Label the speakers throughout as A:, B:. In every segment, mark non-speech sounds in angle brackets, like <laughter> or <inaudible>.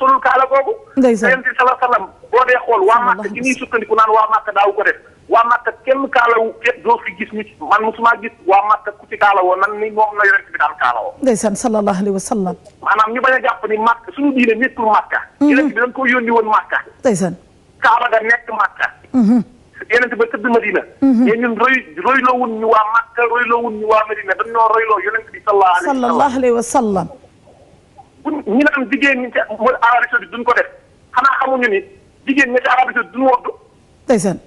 A: solul kaala googu. ndeysaan yonent bi sallallahu alayhi wasallam boo dee xool waa Màkka ci ñuy sukkandiku naan waa Màkka daaw ko def waa Màkka kenn kaalawu kenn doo fi gis ñu ci man mosuma gis waa Màkka ku ci woo nan ni moom la yonent bi daan kaalawoo. ndeysaan sallallahu alayhi wasallam. maanaam ñu bañ a jàpp ni Màkka suñu diine nekkul Màkka. Mm-hmm. yonent bi dañ ko yónni woon Màkka. ndeysaan kaala ga nekk Màkka. Mm-hmm. yonent ba tëdd Madina. mais mm-hmm. ñun roy royloo wuñ ñu waa Màkka royloo wuñ ñu waa Madina dañ ñoo royloo yonent bi sallallahu alayhi wasallam bu ñu ne am jigéen ñi ca mooy Arabie Saoudite duñ ko def xanaa xamuñu ni jigéen ñi ca Arabie Saoudite duñ woddu. ndeysaan.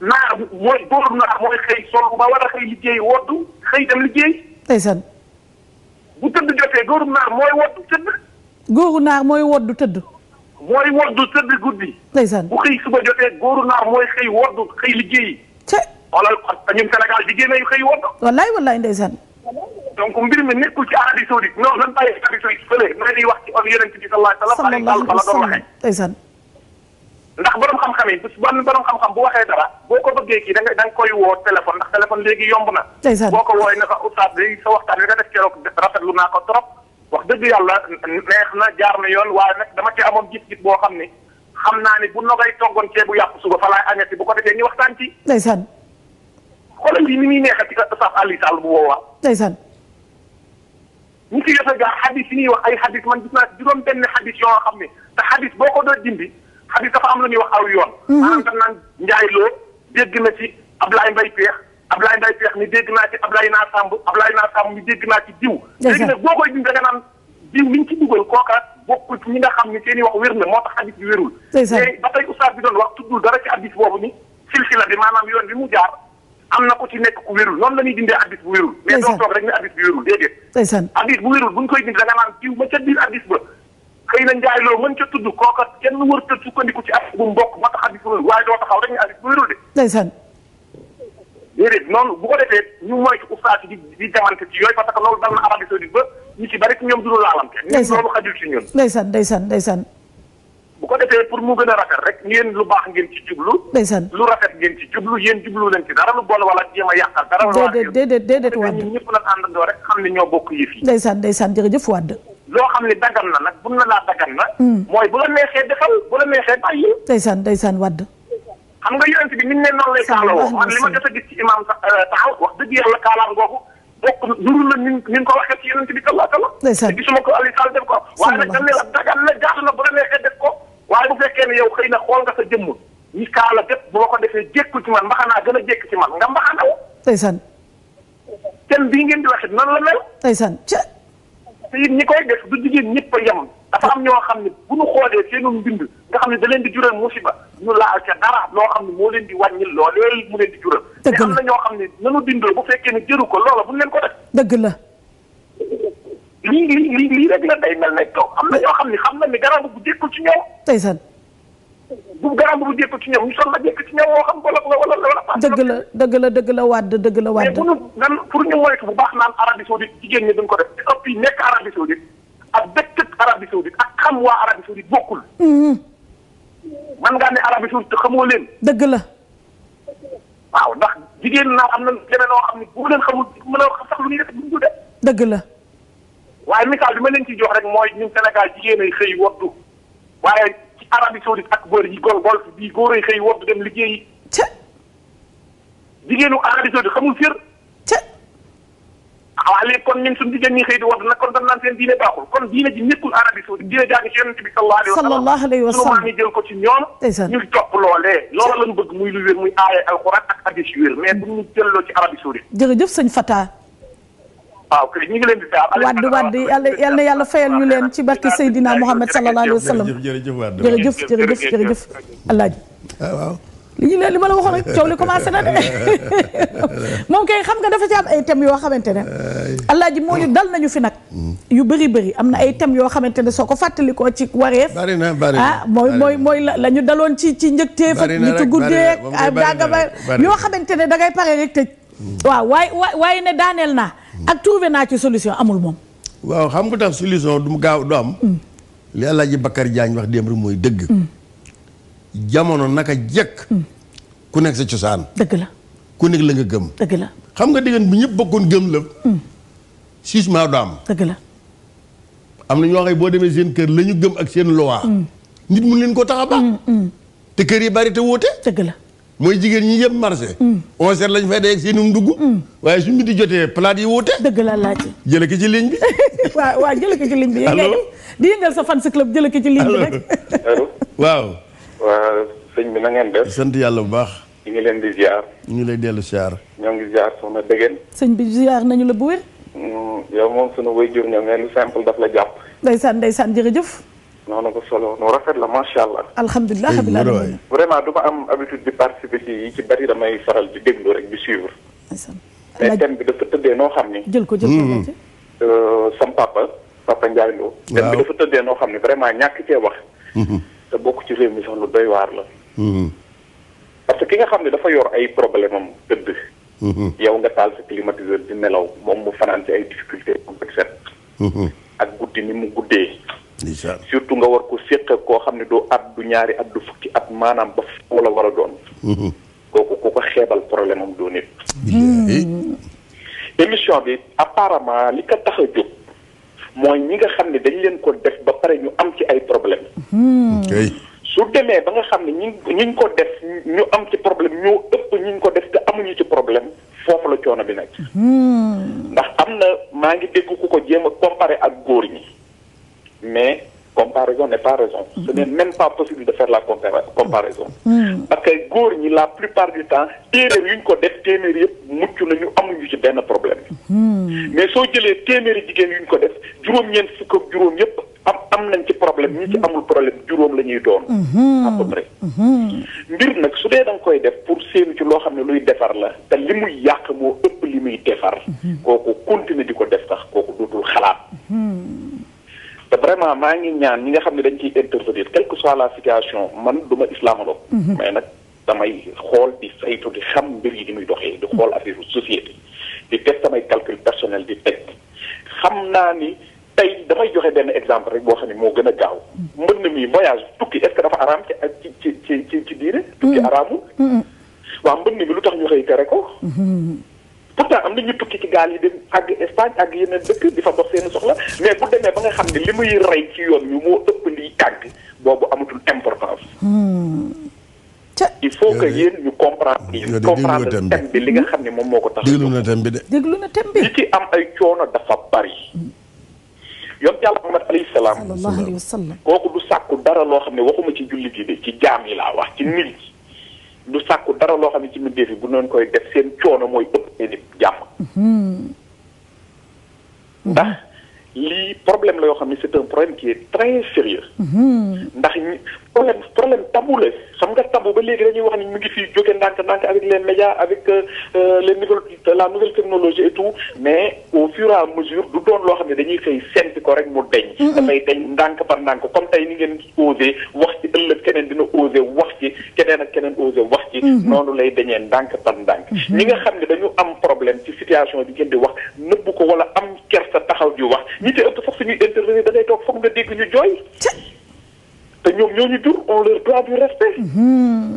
A: naa mooy góor naa mooy xëy sol ba xëy liggéey woddu xëy dem liggéey. sen bu tëdd jotee góoru naar mooy woddu tëdd. góoru naar mooy woddu tëdd. mooy woddu tëdd guddi. ndeysaan bu xëy suba jotee góoru naar mooy xëy woddu xëy liggéey te xoolal ñun Sénégal jigéen ñi xëy woddu. wallaay wallaay ndeysaan. donc mbir mi nekkul ci Arabie Saoudite non lan bàyyi Arabie Saoudite fële ma di wax ci am yonent bi sallallahu alayhi wa sallam la doon waxee ndax borom xam-xam yi ban borom xam-xam bu waxee dara boo ko bëggee kii da nga da koy woo téléphone ndax téléphone léegi yomb na boo ko woowee na ko oustaz léegi sa waxtaan bi nga def keroog rafetlu naa ko trop wax dëgg yàlla neex na jaar na yoon waaye dama ci amoon gis-gis boo xam ni xam naa ni bu nogay toggoon ceebu yàpp suba fa laay añati bu ko defee ñu xoolal bi ni muy neexal ci Oustaz Alioune Sall bu boobaa. ndeysaan. ñu ci def a jaar xadis yi ñuy wax ay xadis man naa juróom benn xadis yoo xam ne te xadis boo ko doon dindi xadis dafa am lu ñuy wax aw yoon. Mhm. maanaam dañ naan Ndiaye Lo dégg na ci Ablaye Mbaye Peex Ablaye Mbaye Peex ni dégg naa ci Ablaye Naar Samb Ablaye Naar Samb mi dégg naa ci diw. léegi nag boo koy dindi da nga naan ñu ci dugal kooka bokkul ci ñi nga xam ne seen i wax wér na moo tax xadis bi wérul. ndeysaan te ba tey oustaz bi doon wax tuddul dara ci xadis boobu ni silsila bi maanaam yoon bi mu jaar am na ku ci nekk ku wérul noonu la ñuy dindee addis bu wérul mais doo toog rek ne addis bu wérul déedéet addis bu wérul buñ koy dind da naan diw ma ca addis ba xëy na njaay loo mën ca tudd kooka kenn wër ta sukkandiku ci addis bu mbokk ma tax addis bu wérul waaye doo taxaw rek ne bu de ndeysaan déedéet ko defee ñu moytu ustaas di di jamante ci yooyu que loolu dal na Arabie Saoudite ba ñu ci bari ci ñoom duñu laalante ñun loolu xajul ci ñun
B: ndeysaan ndeysaan ndeysaan
A: ko defee pour mu gën a rafet rek ngeen lu baax ngeen ci jublu. lu rafet ngeen ci jublu yéen jublu leen ci dara lu bool wala jéem a yàqal dara. déedéet déedéet
C: déedéet Wade ñun ñëpp
A: nañ àndandoo rek xam ne ñoo bokk yëf
C: yi. ndeysaan ndeysaan jërëjëf Wade.
A: loo xam ne dagan na nag bun na laa dagan na. Hmm. mooy bu la neexee defal bu la neexee bàyyi. ndeysaan ndeysaan Wade. xam nga yonent bi nit ne noonu lay kaalawoo man li ma jot a gis ci imaam euh, taxaw wax dëgg yàlla kaalaam googu bokk duru la ni ni nga ko waxee ci yonent bi sallallahu alayhi wa sallam. ndeysaan te gisuma ko Aliou Sall def ko. waaye nag dañ ne la dagan na jaatu na bu la neexee def ko. waaye bu fekkee ne yow xëy na xool nga sa jëmm ñi kaala bépp bu ma ko defee jékku ci man mbaxanaa gën a jékk ci man nga mbaxanaw. ndeysaan. kenn bii ngeen di wax it la mel. ndeysaan ca. te it ñi koy def du jigéen ñëpp a yem. dafa am ñoo xam ne bu ñu xoolee seenu mbind nga xam ne da leen di jural musiba ñu laal ca dara loo xam ne moo leen di wàññil loolee mu leen di jural. dëgg la ñoo xam ne nanu dindoo bu fekkee ne jëru ko loola bu ñu leen ko def. dëgg la. lii lii lii rek la day mel ne toog am na ñoo xam ne xam na ni garabu bu jékku ci ñoom. ndeysaan. bu garabu bu jékku ci ñoom ñu sol la jékku ci ñoom moo xam wala wala wala.
C: dëgg la dëgg la dëgg la wàdd dëgg la wàdd. mais bu ñu
A: nan pour ñu moytu bu baax naan Arabie Saoudite jigéen ñi duñ ko def te ëpp yi nekk Arabie Saoudite ak dëkk Arabie Saoudite ak xam waa Arabie Saoudite bokkul. Mm-hmm. man ngaa ne Arabie Saoudite xamoo leen. dëgg la. waaw ndax jigéen naa am na demee noo xam ne bu leen xamul mën a sax lu ñuy def bu ñu def. dëgg la. waaye misaal bi ma leen ci jox rek mooy ñun Sénégal jigéen ay xëy waddu waaye ci Arabie Saoudite ak bër yi gol golf bii góor ay xëy waddu dem liggéeyi. ca jigéenu Arabie Saoudite xamul fër. ca ah, waaw léegi kon ñun suñu jigéen ñi xëy di waddu nag kon dañ naan baaxul kon diine ji nekkul Arabie Saoudite diine jaa ngi ci yonent bi sallallahu alayhi wa sallam ñu jël ko ci ñoom. ñu topp loolee. loolu lañ bëgg muy lu wér muy aaya alxuraan ak hadis yu wér mais bu ñu jëlloo ci Arabie Saoudite.
C: jërëjëf sëñ Fata
A: waaw ñu ngi leen di
C: wadd wadd yàlla yal yàlla fayal ñu leen ci barke Seydina Muhammad sallallahu alayhi wa sallam
D: jërëjëf
C: jërëjëf jërëjëf jërëjëf Alaaji waaw li ñu leen li ma la waxoon rek coow li commencé na de <laughs> moom kay xam nga dafa ci am ay tem yoo xamante ne ji moo ñu dal nañu fi nag mm. yu bëri bëri am na ay thèmes yoo xamante ne soo ko fàttalikoo ci wareef bari
D: na bari ah mooy
C: mooy la la ñu daloon ci ci njëgteef ak ni ci guddeeg daaga ba yoo xamante ne da ngay pare rek tëj mm. waaw waay waaye ne daaneel naa ak trouvé naa ci solution amul moom.
D: waaw xam nga tax solution du mu gaaw du am. Mm. li El Hadj Bakar jaañ wax démb mooy dëgg. Mm. jamono a jekk. Mm. ku nekk sa cosaan. dëgg la ku nekk la nga gëm. dëgg la xam nga diggante bi ñëpp bokkoon gëm la. six mois du am. dëgg la. am na ñoo xam boo demee seen kër lañu gëm ak seen loi. nit mu leen ko tax a baax. te kër yi bari te wóote. dëgg la. mooy jigéen ñi yëpp marché. Mm. onze heures lañ fay dee ak seenum dugg. Mm. waaye su midi jotee plate yi wuute. dëgg la laajte. jëlee ko ci ligne bi. waaw <laughs> waaw jëlee ko ci di
C: yëngal sa fan club jëlee ko ci ligne bi rek.
D: sëñ bi na ngeen def.
A: sant yàlla bu baax.
D: ñu ngi leen di ziar. ñu ngi dellu ziar.
A: ñoo ngi ziar soxna Degen.
C: sëñ bi ziar nañu la bu wér. Mm,
A: yow moom sunu wayjur ñoom lu simple daf la jàpp.
C: ndeysaan ndeysaan jërëjëf.
A: noonu la ko solo nu rafet la macha allah.
C: alhamdulilah rabbil
A: alamin vraiment du am habitude bi participer ci yi ci bari damay faral di déglu rek di suivre. mais thème bi dafa tëddee noo xam ni. jël ko jël ko hmm. euh, sam papa papa Ndiaye Lo. thème bi dafa tëddee noo xam ni vraiment ñàkk cee wax. Hmm. te bokk ci réew mi sax lu doy waar la. Hmm. parce que ki nga xam ne dafa yor ay problème am tëdd. yow nga taal sa climatiseur di nelaw moom mu fanaan ci ay difficultés set ak guddi ni mu guddee. surtout nga war ko séq koo xam ne du at du ñaari at du fukki at maanaam ba foofu la war a doon. Uhuh. kooku ku ko xeebal problème am doo nit. Hmm. émission bi apparemment li ko tax a jóg mooy ñi nga xam ne dañ leen ko def ba pare ñu am ci ay problème hmm. su demee ba nga xam ne ñi ñiñ ko def ñu am ci problème ñoo ëpp ñu ñiñ ko def te amuñu ci problème foofu la coono bi nekk.
C: Hmm.
A: ndax am na maa ngi dégg ku ko jéem a comparé ak góor ñi. mais comparaison n'est pas raison. Ce n'est même pas possible de faire la comparaison. Hmm. parce que góor ñi la plupart du temps téeméer yu ñu ko def téeméer yëpp ñu nañu amuñu ci benn problème. Hmm. mais soo jëlee téeméeri jigéen yu ñu ko def juróom-ñeent fukk juróom yëpp am am nañ ci problème ñi ci hmm. amul problème juróom la ñuy doon. à peu près. mbir nag su dee da nga koy def pour séenu ci loo xam ne luy defar la te li muy yàq moo ëpp li muy defar. kooku vraiment maa ngi ñaan ñi nga xam ne dañ ciy intervenir quelle que soit la situation man du ma islamologue mhm. mais nag damay xool di saytu di xam mbir yi di muy doxee di xool affaire société di teg samay calcul personnel di teg xam naa ni tey damay joxe benn exemple rek boo xam ne moo gën a gaaw mën mhm. mi voyage tukki est dafa araam ci ak ci ci ci ci diine mhm. tukki araamul waaw mbën na mi lu tax ñu xëy tere ko pourtant am na ñu tukki ci gaal yi dem àgg Espagne àgg yeneen dëkk di fa dox seen soxla mais bu demee ba nga xam ne li muy rey ci yoon ñu moo ëpp liy tàgg boobu amatul importance.
D: Hmm.
A: il faut que yéen ñu comprendre. ñu comprendre thème bi li nga xam ne moom moo ko tax. déglu na thème bi de. déglu ci am ay coono dafa bari. yonent yàlla Muhammad alayhi salaam. sallallahu alayhi wa sallam kooku du sàkku dara loo xam ne waxuma ci jullit yi de ci jaam yi laa wax ci nit du sàkku dara loo xam ne ci mbindeef yi bu noonu koy def seen coono mooy ëpp seeni jàmm
C: hmm. ndax
A: lii problème la yoo xam ne c'est un problème qui très sérieux
C: hmm.
A: ndax problème problème tabou boobu ba léegi dañuy wax ni mu ngi fii jóge ndànk-ndànk avec les médias avec euh, euh, les nouvelles euh, la nouvelle technologie et mais au fur et à mesure du doon loo xam ne dañuy xëy sent ko rek mu deñ dafay deñ ndànk par ndànk comme tey ni ngeen osé wax ci ëllëg keneen dina osé wax ci keneen ak keneen osé wax ci mm-hmm. noonu lay dañee ndànk par ndànk mm-hmm. ñi nga xam ne dañu am problème ci situation bi ngeen di wax nëbb ko wala am kersa taxaw di wax ñi ci ëpp sax suñuy intervenir da toog foog nga dégg ñu jooy te ñoom ñoo ñu jur on leur doit du respect. Mm-hmm.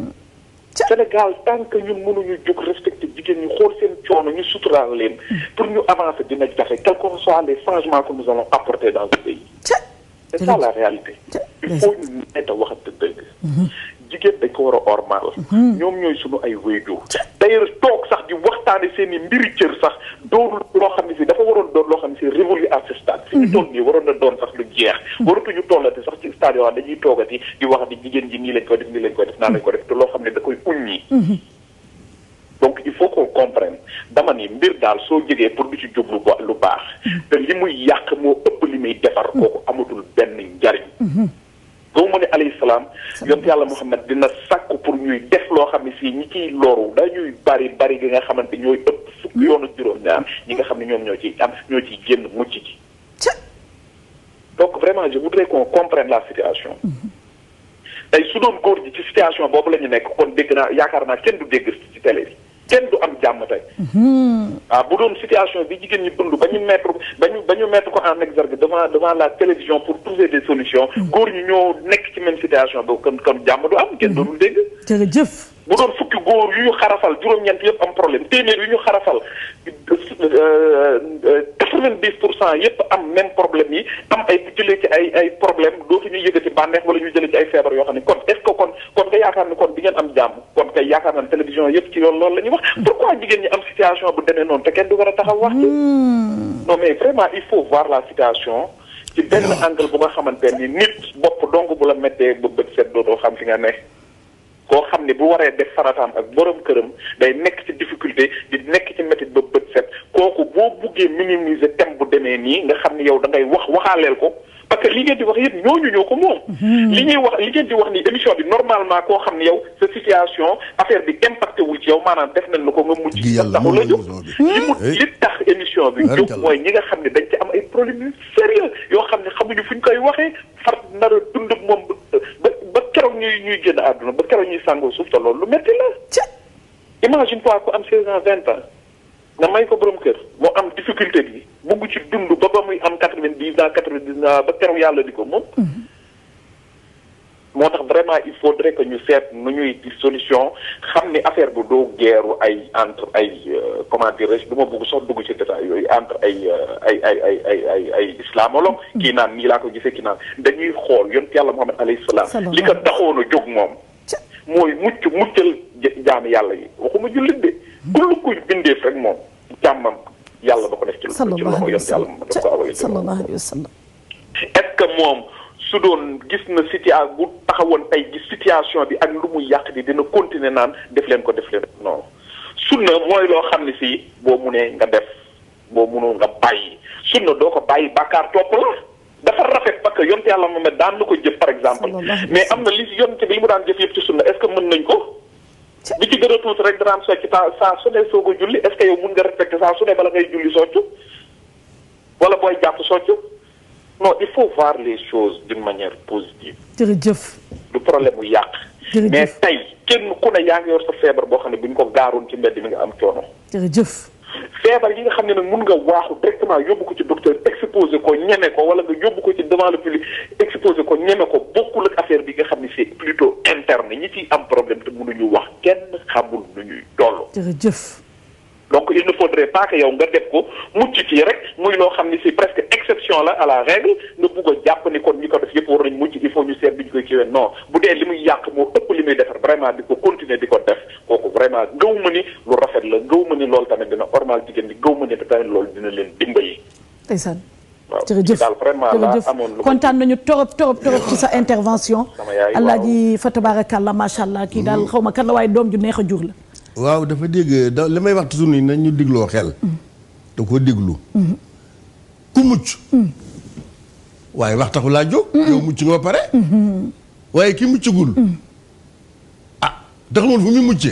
A: Sénégal tant que ñun mënuñu jóg respecté jigéen ñi xool seen coono ñu suturaal leen. Mm. pour ñu avancer dina jafe quel que soit les changements que nous allons apporter dans ce pays. c'est ça la réalité. il faut ñu mettre waxante dëgg. Mm-hmm. jigéen dañ ko war a ormal mhm. ñoom ñooy sunu ay waajur d'ailleurs toog sax di waxtaane seen i mbiri cër sax doonul loo xam ne si dafa waroon doon loo xam ne si révolu à ce stade fi ñu mhm. toll nii waroon na doon sax lu jeex mhm. waratuñu tollati sax ci stade yoo xam dañuy toogati di wax ni jigéen ji nii lañ ko def nii lañ ko def naa lañ ko def te loo xam ne da koy uññi donc il faut qu'on comprenne dama ni mbir daal soo jógee pour di ci jublu lu baax lu baax muy yàq moo ëpp li muy defar kooku amatul benn njariñ goo mu ne alayhi salaam yonent yàlla Muhammad dina sàkku pour ñuy def loo xam ne si ñi ciy loru dañuy bari bari gi nga xamante ñooy ëpp fukki hmm? yoonu juróom-ñaar ñi nga xam ne ñoom ñoo ciy am ñoo ciy génn mucc ci donc vraiment mu voudrais qu'on comprenne la situation hmm. tey su doon góor ji ci situation boobu la ñu nekk kon dégg naa yaakaar naa kenn du dégg ci télé bi kenn du am jàmm tey.
B: waaw mhm.
A: ah, bu doon situation bi jigéen ñi dund ba ñu mettre ba ñu ba ñu mettre ko en exergue devant devant la télévision pour trouver des solution mhm. góor ñu ñoo nekk ci même situation boobu kon kon jàmm du am. kenn doonul dégg. jërëjëf. bu doon fukki góor yu ñu xarafal juróom-ñeent yëpp am problème téeméer yu ñu xarafal quatre-vingt-dix pour cent yëpp am même problème yi am ay jëlee ci ay ay problème dootuñu yëgati bànneex wala ñu jële ci ay feebar yoo xam ne kon est-ce que kon kon nga yaakaar ne kon di ngeen am jàmm kon kay yaakaar naa ne télévision yëpp ci yoon loolu la ñuy wax hmm. pourquoi jigéen ñi am situation bu demee noonu te kenn du war a taxaw wax ci
C: hmm.
A: non mais vraiment il faut voir la situation ci hmm. bu nga xamante ni nit bopp bu la méttee ba bët seet xam fi nga ne koo xam ne bu waree def farataam ak borom këram day nekk ci difficulté di nekk ci métit ba bët set kooku boo buggee minimiser thème bu demee nii nga xam ne yow da ngay wax waxaaleel ko parce que li ngeen di wax yëpp ñooñu ñoo ko moom. Mm-hmm. li ñuy wax li ngeen di wax ni émission bi normalement koo xam ne yow sa situation affaire bi impacté wul ci yow maanaam def nañ la ko nga mujj. li bi. jóg mooy ñi nga xam ne dañ ci am ay problèmes sérieux yoo xam ne xamuñu fuñ koy waxee ñuy ñuy génn àdduna ba keroog ñuy sangoo suuf te loolu lu métti la. imagine toi ku am 16 ans 20 ans nga may ko borom kër moo am difficulté bi bugg ci dund ba ba muy am 90 ans 90 na ba keroog yàlla di ko moom. Mhm. moo tax vraiment il faudrait que ñu seet nu ñuy di solution xam ni affaire bu doo geeru ay entre ay euh, comment dirais-je du ma bugg sax dugg ci détail yooyu entre ay euh, ay ay ay ay ay ay kii naan nii laa ko gisee kii naan dañuy xool yonent yàlla Muhammad alayhi salaam li ko taxoon a jóg moom mooy mucc muccal jaami yàlla yi waxuma jullit de hmm. kullu kuy bindeef rek moom jàmmam yàlla da ko def ci loxo yonent yàlla moom daf ko
C: awa
A: est-ce que moom su doon gis na situation bu taxawoon tey gis situation bi ak lu muy yàq di dina continuer naan def leen ko def leen non ne mooy loo xam ne si boo mu munee nga def boo munul nga bàyyi sunna doo ko bàyyi bàkkaar topp la dafa rafet parce que yonte yàlla moom daan na ko jëf par exemple mais am na li yonte bi li mu daan jëf yëpp ci su est-ce que mën nañ ko li ci gën a tuuti rek daraam socc ta saa su ne soo ko julli est yow mun nga respecté saa su ne bala ngay julli soccu wala booy jàpp soccu non il faut voir les choses d'une manière positive. jërëjëf. du problème mu yàq. mais tey kenn ku ne yaa ngi yor sa feebar boo xam ne bu ñu ko gaaroon ci mbedd mi nga am coono. jërëjëf. feebar yi nga xam ne nag mun nga waaxu directement yóbbu ko ci docteur exposé ko ñeme ko wala nga yóbbu ko ci devant le public exposé ko ñeme ko bokkul ak affaire bi nga xam ne c'est plutôt interne ñi ciy am problème te ñu wax kenn xamul lu ñuy toll.
C: jërëjëf.
A: donc il ne faudrait pas que yow nga def ko mucc ci rek muy loo xam ni si presque exception la à la règle nga bugg a jàpp ni kon ñi ko def yëpp war nañ mucc il faut ñu seet bi bu dee li muy yàq moo ëpp li muy defar vraiment di ko continuer di ko def kooku vraiment gëw ma ni lu rafet la gëw ma ni loolu tamit dina normal jigéen ñi gëw ma ni tamit loolu dina leen dimbali. ndeysaan. waaw jërëjëf daal vraiment laa amoon lu
B: kontaan nañu torop
C: torop torop ci sa intervention. sama yaay waaw alaaji fa tabaarakàlla macha allah kii mm-hmm. daal xaw ma kan la doom ju neex
D: waaw dafa dégg da li may wax toujours nii nañ ñu digloo xel. da koo déglu. ku mucc. waaye wax taxu laa jóg. yow mucc nga ba pare. waaye ki muccagul. ah taxul fu muy muccee.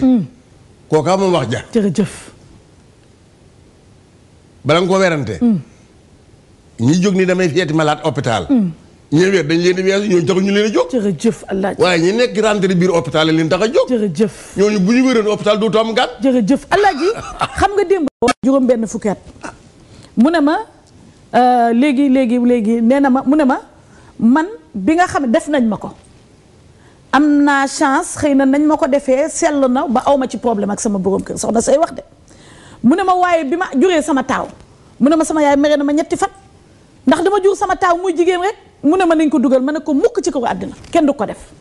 D: kooka wax ja. jërëjëf. bala nga ko werante mm. ñi jóg nii damay feeti malaat hôpital. Mm. ñi weer dañ leen di weesu ñooñu tax leen a jóg jërëjëf allah waaye ñi nekk rentré biir hôpital yi leen tax a jóg jërëjëf ñooñu bu ñu wéroon hôpital dootu am gàtt jërëjëf allah ji xam nga démb juróom benn fukki at
C: mu ne ma euh, léegi léegi léegi nee na ma mu ne ma man bi nga xam ne def nañ ma ko am naa chance xëy na nañ ma ko defee sell na ba aw ma ci problème ak sama borom kër soxna say wax de mu ne ma waaye bi ma juree sama taaw mu ne ma sama yaay mere na ma ñetti fat ndax dama jur sama taaw muy jigéen rek mu ne ma nañ ko dugal ma ne ko mukk ci kaw àddina kenn du ko def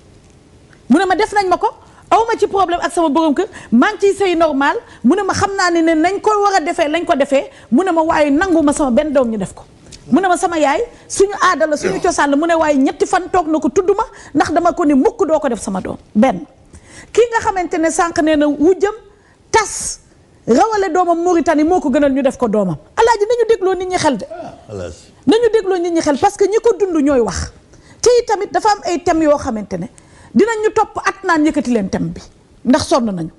C: mu ne ma def nañ ma ko aw ma ci problème ak sama borom kër maa ngi ciy sëy normal mu ne ma xam naa ne ne nañ ko war a defee lañ ko defee mu ne ma waaye nangu ma sama benn doom ñu def ko mu ne ma sama yaay suñu aada la suñu cosaan la mu ne waaye ñetti fan toog na ko tudd ma ndax dama ko ni mukk doo ko def sama doom benn kii nga xamante ne sànq nee na wujjam tas rawale doomam Mauritanie moo ko gënal ñu def ko doomam alaaji nañu dégloo nit ñi xel de nañu dégloo nit ñi xel parce que ñi ko dund ñooy wax te tamit dafa am ay thèmes yoo xamante ne dinañu topp at naan yëkkati leen thème bi ndax sonn nañu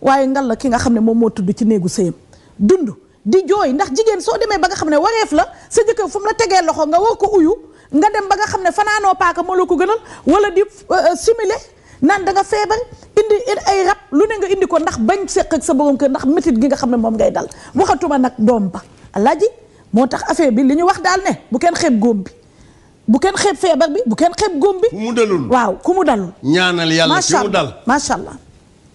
C: waaye ngal la ki nga xam ne moom moo tudd ci néegu sëyam dund di jooy ndax jigéen soo demee ba nga xam ne wareef la sa jëkkër fu tegee loxo nga war ko uyu nga dem ba nga xam ne fanaanoo paaka moo la ko gënal wala di euh, euh, simile naan da nga feebar indi ay rab lu ne nga indi ko ndax bañ seq sa borom kër ndax métit gi nga xam ne moom ngay dal waxatuma nag doom ba alaaji moo tax affaire bi li ñu wax daal ne bu kenn xeeb góom bi bu kenn xeeb feebar bi bu
D: kenn xeeb góom bi. ku mu dalul waaw ku mu dalul. ñaanal yàlla ci mu dal macha allah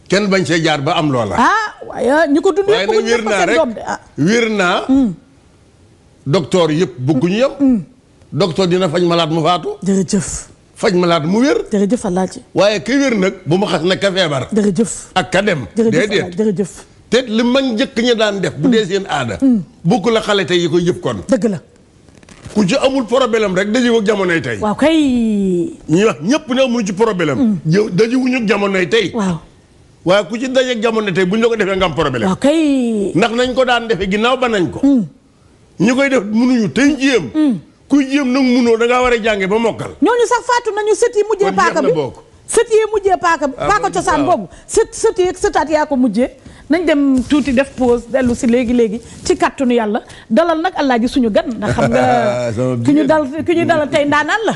D: kenn bañ see jaar ba am loola. ah waaye ñu ko dund yëpp bëgguñu yëpp seen doom de ah wér naa hmm. docteur yëpp bëgguñu yëpp. Hmm. docteur dina faj malade mu faatu. jërëjëf. faj malade mu wér. jërëjëf alaaji. waaye ka wér nag bu mu xas nag ka feebar. jëf ak ka dem. déedéet jëf te li mag njëkk ñi daan def. bu dee seen aada. Hmm. ko la xale tey yi koy yëpp kon. dëgg la. ku ci amul problème rek dajewu ak jamonoy tey. waaw kay. ñuy wax ñëpp ne amuñu ci problème. yow mm. dajewuñu tey. waaw waaye ku ci dajeeg jamono tey buñ la ko defee nga am problème. waaw kay. ndax nañ ko daan defee ginnaaw ba nañ ko. Mm. ñu koy def mënuñu tey jéem. Mm. kuy jéem nag munoo da ngaa war a jàngee ba mokkal. ñooñu sax faatu nañu sët yi mujjee paaka bi kon na bokk. sët yi mujjee paaka bi ah, paaka cosaan boobu sët sët
C: yi ak sëtaat mujjee. nañ dem tuuti def pose dellu si léegi léegi ci kàttanu yàlla dalal nag Alaaji suñu gan ndax xam nga <laughs> ki ñu dal ki ñu dalal tey ndaanaan la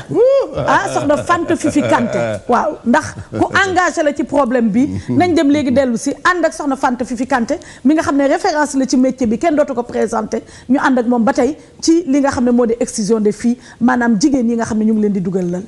C: ah soxna Fanta Fifi Kanté waaw ndax ku engagé la ci problème bi nañ dem léegi dellu si ànd ak soxna Fanta Fifi Kanté mi nga xam ne référence la ci métier bi kenn dootu ko présenté ñu ànd ak moom ba tey ci li nga xam ne moo di excision des fii maanaam jigéen yi nga xam ne ñu ngi leen di dugal lal